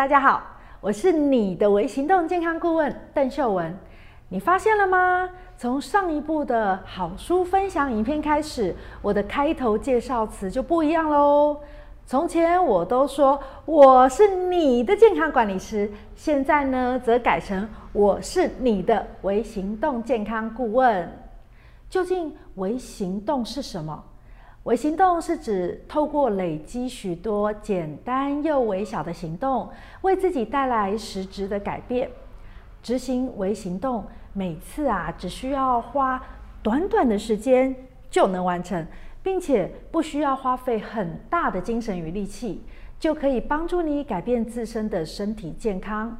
大家好，我是你的微行動健康顧問鄧琇文。你發現了嗎？從上一部的好書分享影片開始，我的開頭介紹詞就不一樣嘍。從前我都說我是你的健康管理師，現在呢，則改成我是你的微行動健康顧問。究竟微行動是什麼？微行動是指透過累積許多簡單又微小的行動，為自己帶來實質的改變。執行微行動，每次啊只需要花短短的時間就能完成，並且不需要花費很大的精神與力氣，就可以幫助你改變自身的身體健康。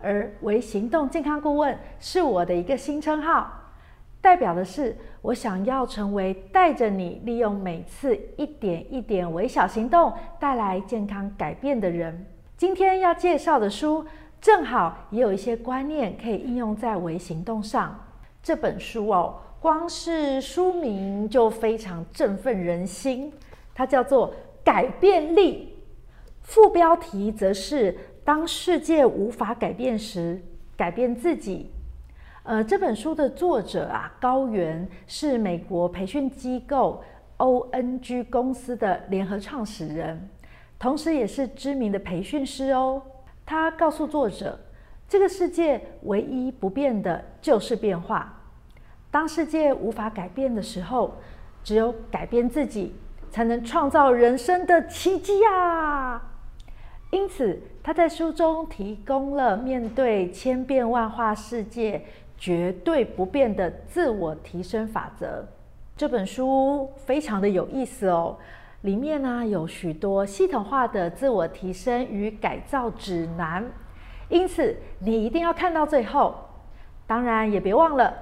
而微行動健康顧問是我的一個新稱號。代表的是我想要成為帶着你利用每次一點一點微小行動帶來健康改變的人。今天要介紹的書，正好也有一些觀念可以應用在微行動上。這本書哦，光是書名就非常振奮人心，它叫做《改變力》，副標題則是“當世界無法改變時，改變自己”。呃，這本書的作者啊，高原是美國培訓機構 ONG 公司的聯合創始人，同時也是知名的培訓師哦。他告訴作者，這個世界唯一不變的就是變化。當世界無法改變的時候，只有改變自己，才能創造人生的奇蹟啊！因此，他在書中提供了面對千變萬化世界。絕對不變的自我提升法則，這本書非常的有意思哦。裡面呢有許多系統化的自我提升與改造指南，因此你一定要看到最後。當然也別忘了，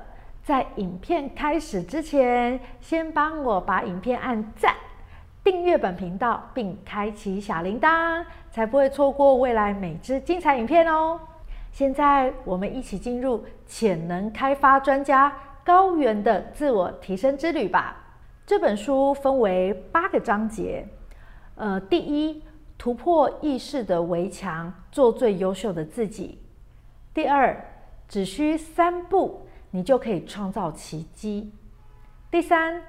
在影片開始之前，先幫我把影片按讚、訂閱本頻道，並開啟小鈴鐺，才不會錯過未來每支精彩影片哦。現在，我們一起進入潛能開發專家高原的自我提升之旅吧。這本書分為八個章節，呃，第一，突破意識的圍牆，做最優秀的自己；第二，只需三步，你就可以創造奇蹟；第三，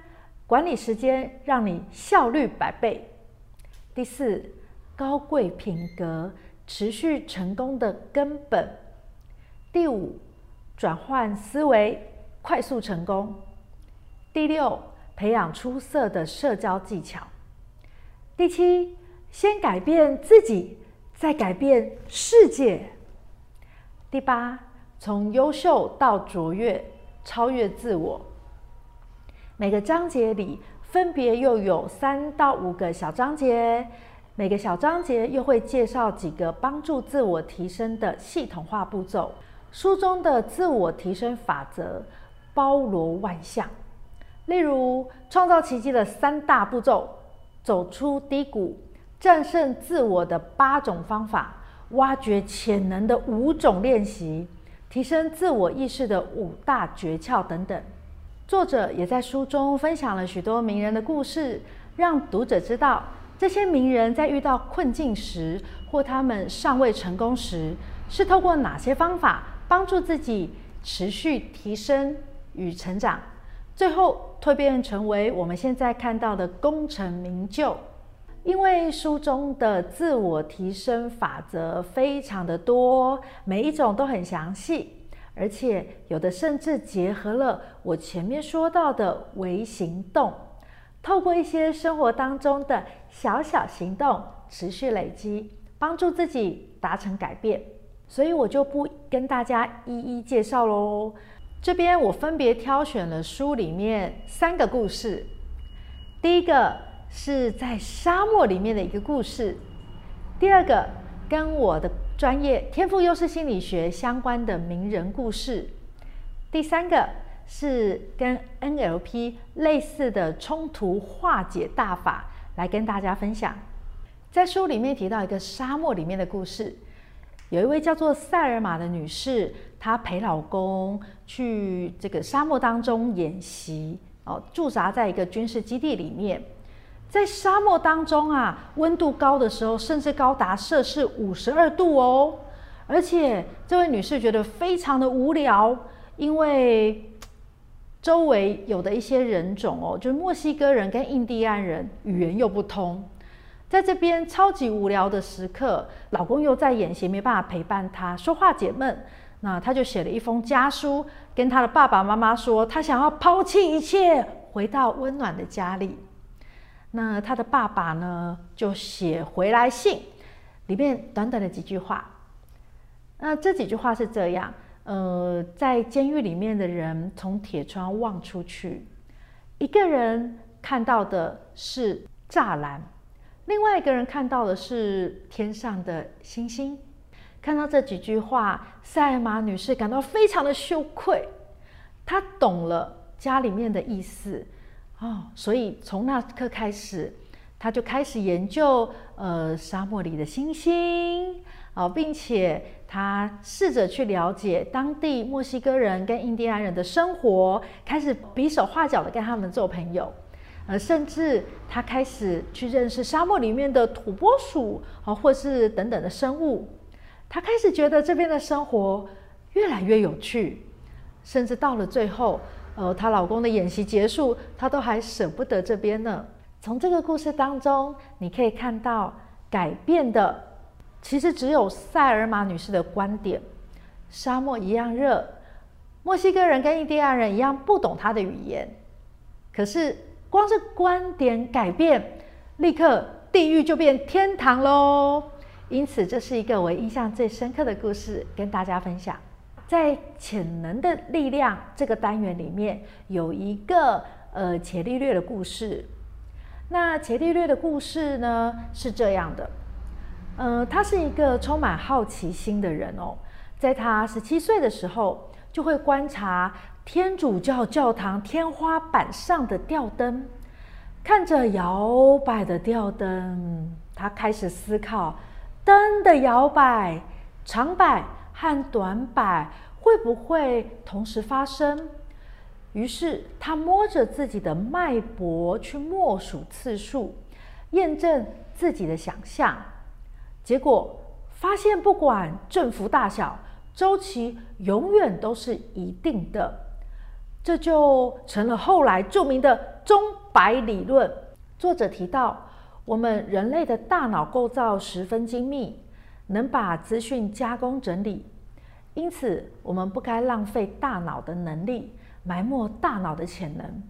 管理時間，讓你效率百倍；第四，高貴品格。持續成功的根本。第五，轉換思維，快速成功。第六，培養出色的社交技巧。第七，先改變自己，再改變世界。第八，從優秀到卓越，超越自我。每個章節裡分別又有三到五個小章節。每個小章節又會介紹幾個幫助自我提升的系統化步驟。書中的自我提升法則包羅萬象，例如創造奇蹟的三大步驟、走出低谷、戰勝自我的八種方法、挖掘潛能的五種練習、提升自我意識的五大訣竅等等。作者也在書中分享了許多名人的故事，讓讀者知道。這些名人在遇到困境時，或他們尚未成功時，是透過哪些方法幫助自己持續提升與成長？最後蛻變成為我們現在看到的功成名就。因為書中的自我提升法則非常的多，每一種都很詳細，而且有的甚至結合了我前面說到的微行動，透過一些生活當中的。小小行動，持續累積，幫助自己達成改變。所以我就不跟大家一一介紹嘍。這邊我分別挑選了書裡面三個故事：第一個是在沙漠裡面的一個故事；第二個跟我的專業天賦優勢心理學相關的名人故事；第三個是跟 NLP 類似的衝突化解大法。來跟大家分享，在書裡面提到一個沙漠裡面的故事，有一位叫做塞爾瑪的女士，她陪老公去這個沙漠當中演習哦，駐紮在一個軍事基地裡面，在沙漠當中啊，溫度高的時候甚至高達攝氏五十二度哦，而且這位女士覺得非常的無聊，因為，周圍有的一些人種哦，就是墨西哥人跟印第安人，語言又不通，在這邊超級無聊的時刻，老公又在演習，沒辦法陪伴他說話解悶。那他就寫了一封家書，跟他的爸爸媽媽說，他想要拋棄一切，回到溫暖的家裡。那他的爸爸呢，就寫回來信，裡面短短的幾句話。那這幾句話是這樣。呃，在監獄裡面的人從鐵窗望出去，一個人看到的是柵欄，另外一個人看到的是天上的星星。看到這幾句話，塞爾瑪女士感到非常的羞愧，她懂了家裡面的意思啊、哦，所以從那刻開始，她就開始研究呃沙漠裡的星星啊、哦，並且。他試着去了解當地墨西哥人跟印第安人的生活，開始比手畫腳的跟他們做朋友，而甚至他開始去認識沙漠裡面的土撥鼠啊，或是等等的生物。他開始覺得這邊的生活越來越有趣，甚至到了最後，呃，她老公的演習結束，她都還捨不得這邊呢。從這個故事當中，你可以看到改變的。其實只有塞爾瑪女士的觀點，沙漠一樣熱，墨西哥人跟印第安人一樣不懂她的語言，可是光是觀點改變，立刻地獄就變天堂嘍。因此，這是一個我印象最深刻的故事，跟大家分享。在潛能的力量這個單元裡面，有一個呃伽利略的故事。那伽利略的故事呢，是這樣的。嗯、呃，他是一個充滿好奇心的人哦。在他十七歲的時候，就會觀察天主教教堂天花板上的吊燈，看着搖擺的吊燈，他開始思考：燈的搖擺、長擺和短擺會不會同時發生？於是他摸着自己的脈搏去默數次數，驗證自己的想象。結果發現，不管振幅大小，週期永遠都是一定的。這就成了後來著名的鐘擺理論。作者提到，我們人類的大腦構造十分精密，能把資訊加工整理，因此我們不該浪費大腦的能力，埋沒大腦的潛能。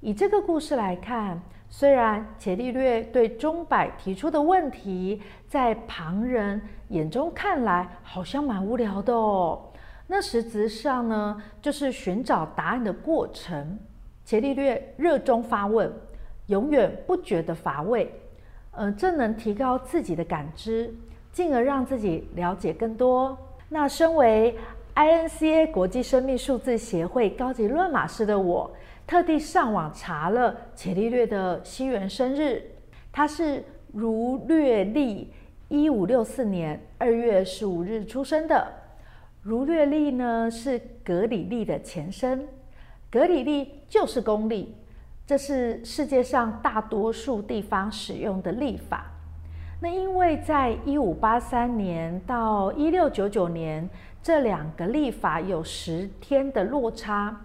以這個故事來看，雖然伽利略對鐘擺提出的問題，在旁人眼中看來好像蠻無聊的哦，那實質上呢，就是尋找答案的過程。伽利略熱衷發問，永遠不覺得乏味，呃，這能提高自己的感知，進而讓自己了解更多。那身為 INCA 國際生命數字協會高級論碼師的我，特地上網查了伽利略的西元生日，他是儒略曆一五六四年二月十五日出生的。儒略曆呢是格里曆的前身，格里曆就是公曆，這是世界上大多數地方使用的曆法。那因為在一五八三年到一六九九年，這兩個曆法有十天的落差。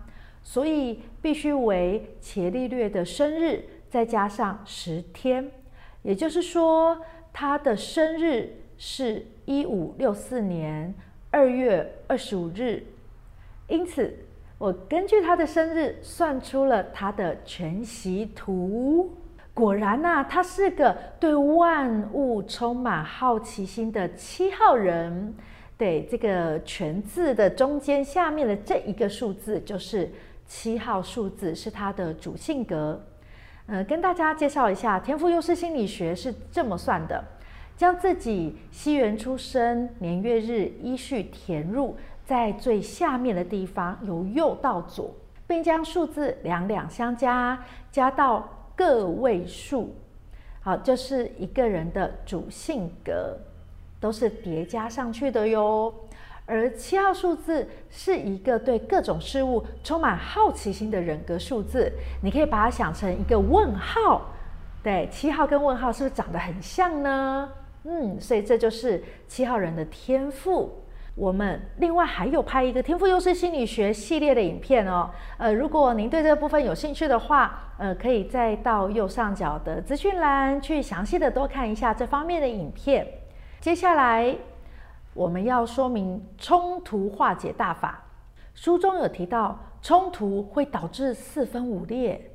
所以必須為伽利略的生日再加上十天，也就是說他的生日是一五六四年二月二十五日。因此，我根據他的生日算出了他的全息圖。果然吶、啊，他是個對萬物充滿好奇心的七號人。對這個“全”字的中間下面的這一個數字，就是。七號數字是他的主性格，呃，跟大家介紹一下，天賦優勢心理學是這麼算的：將自己西元出生年月日依序填入在最下面的地方，由右到左，並將數字兩兩相加，加到個位數，好、啊，這、就是一個人的主性格，都是疊加上去的喲。而七號數字是一個對各種事物充滿好奇心的人格數字，你可以把它想成一個問號。對，七號跟問號是不是長得很像呢？嗯，所以這就是七號人的天賦。我們另外還有拍一個天賦優勢心理學系列的影片哦。呃，如果您對這個部分有興趣的話，呃，可以再到右上角的資訊欄去詳細的多看一下這方面的影片。接下來。我們要說明衝突化解大法，書中有提到，衝突會導致四分五裂，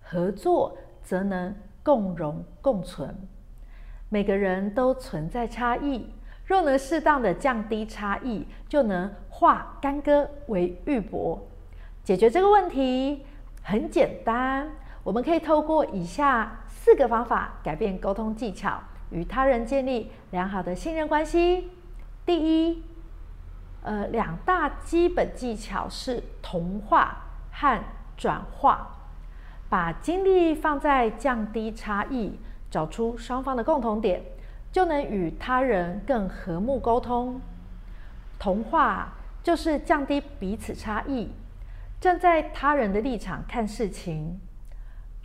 合作則能共榮共存。每個人都存在差異，若能適當的降低差異，就能化干戈為玉帛。解決這個問題很簡單，我們可以透過以下四個方法改變溝通技巧，與他人建立良好的信任關係。第一，呃，兩大基本技巧是同化和轉化，把精力放在降低差異，找出雙方的共同點，就能與他人更和睦溝通。同化就是降低彼此差異，站在他人的立場看事情；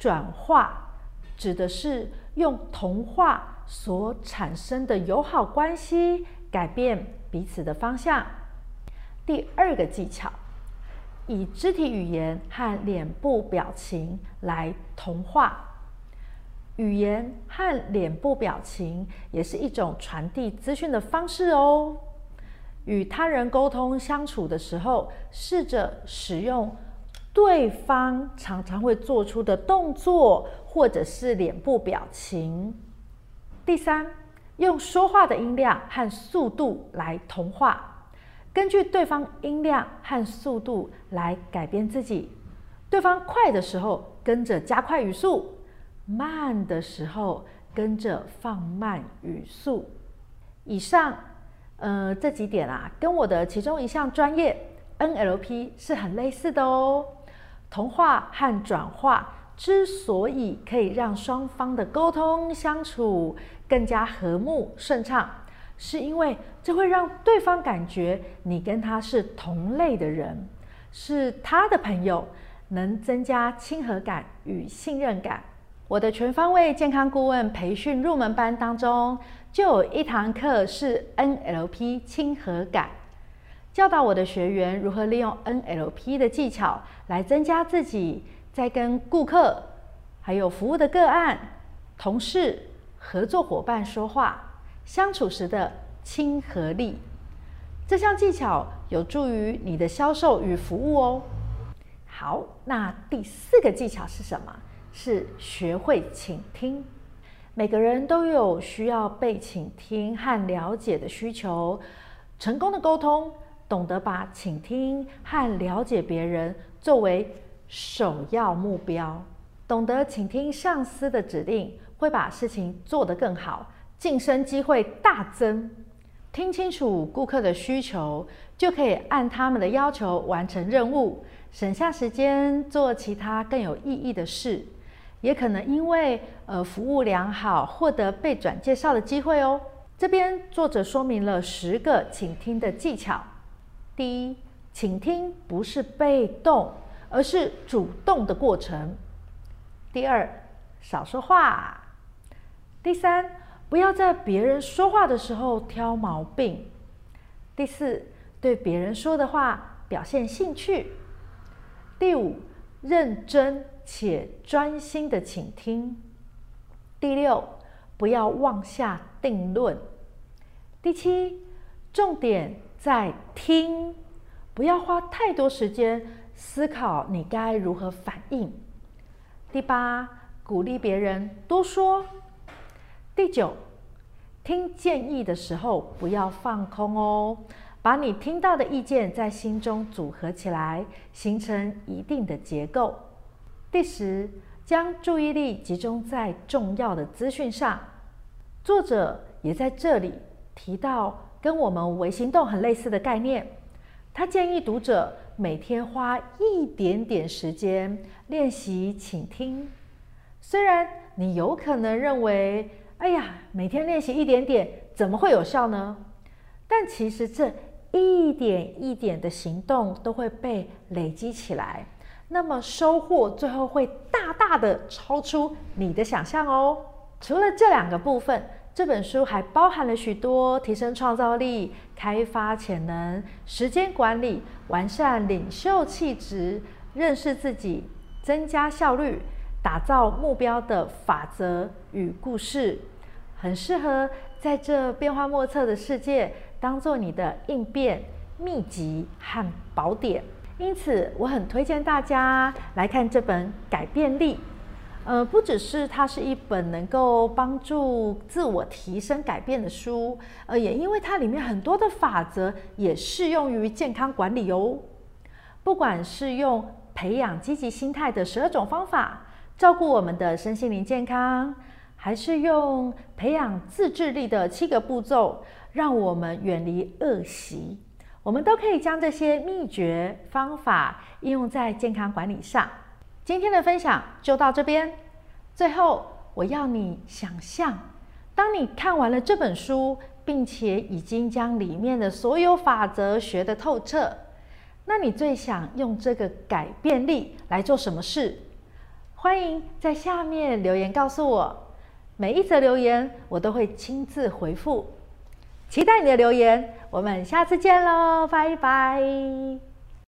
轉化指的是用同化所產生的友好關係，改變彼此的方向。第二個技巧，以肢體語言和臉部表情來同化。語言和臉部表情也是一種傳遞資訊的方式哦。與他人溝通相處的時候，試着使用對方常常會做出的動作或者是臉部表情。第三。用說話的音量和速度來同化，根據對方音量和速度來改變自己。對方快的時候，跟着加快語速；慢的時候，跟着放慢語速。以上，呃，這幾點啊，跟我的其中一項專業 NLP 是很類似的哦。同化和轉化。之所以可以讓雙方的溝通相處更加和睦順暢，是因為這會讓對方感覺你跟他是同類的人，是他的朋友，能增加親和感與信任感。我的全方位健康顧問培訓入門班當中，就有一堂課是 NLP 親和感，教導我的學員如何利用 NLP 的技巧來增加自己。在跟顧客、還有服務的個案、同事、合作夥伴說話相處時的親和力，這項技巧有助於你的銷售與服務哦。好，那第四個技巧是什麼？是學會傾聽。每個人都有需要被傾聽和了解的需求。成功的溝通，懂得把傾聽和了解別人作為。首要目標，懂得傾聽上司的指令，會把事情做得更好，晉升機會大增。聽清楚顧客的需求，就可以按他們的要求完成任務，省下時間做其他更有意義的事。也可能因為呃服務良好，獲得被轉介紹的機會哦。這邊作者說明了十個傾聽的技巧。第一，傾聽不是被動。而是主動的過程。第二，少說話。第三，不要在別人說話的時候挑毛病。第四，對別人說的話表現興趣。第五，認真且專心的傾聽。第六，不要妄下定論。第七，重點在聽，不要花太多時間思考你該如何反應。第八，鼓勵別人多說。第九，聽建議的時候不要放空哦，把你聽到的意見在心中組合起來，形成一定的結構。第十，將注意力集中在重要的資訊上。作者也在這裡提到跟我們微行動很類似的概念，他建議讀者。每天花一點點時間練習傾聽，雖然你有可能認為，哎呀，每天練習一點點怎麼會有效呢？但其實這一點一點的行動都會被累積起來，那麼收穫最後會大大的超出你的想象哦。除了這兩個部分，這本書還包含了許多提升創造力、開發潛能、時間管理、完善領袖氣質、認識自己、增加效率、打造目標的法則與故事，很適合在這變化莫測的世界當做你的應變秘籍和寶典。因此，我很推薦大家來看這本《改變力》。呃，不只是它是一本能夠幫助自我提升、改變的書，呃，也因為它裡面很多的法則也適用於健康管理哦。不管是用培養積極心態的十二種方法照顧我們的身心靈健康，還是用培養自制力的七個步驟讓我們遠離惡習，我們都可以將這些秘訣方法應用在健康管理上。今天的分享就到這邊。最後，我要你想象，當你看完了這本書，並且已經將裡面的所有法則學得透徹，那你最想用這個改變力來做什麼事？歡迎在下面留言告訴我，每一則留言我都會親自回復。期待你的留言，我們下次見嘍，拜拜。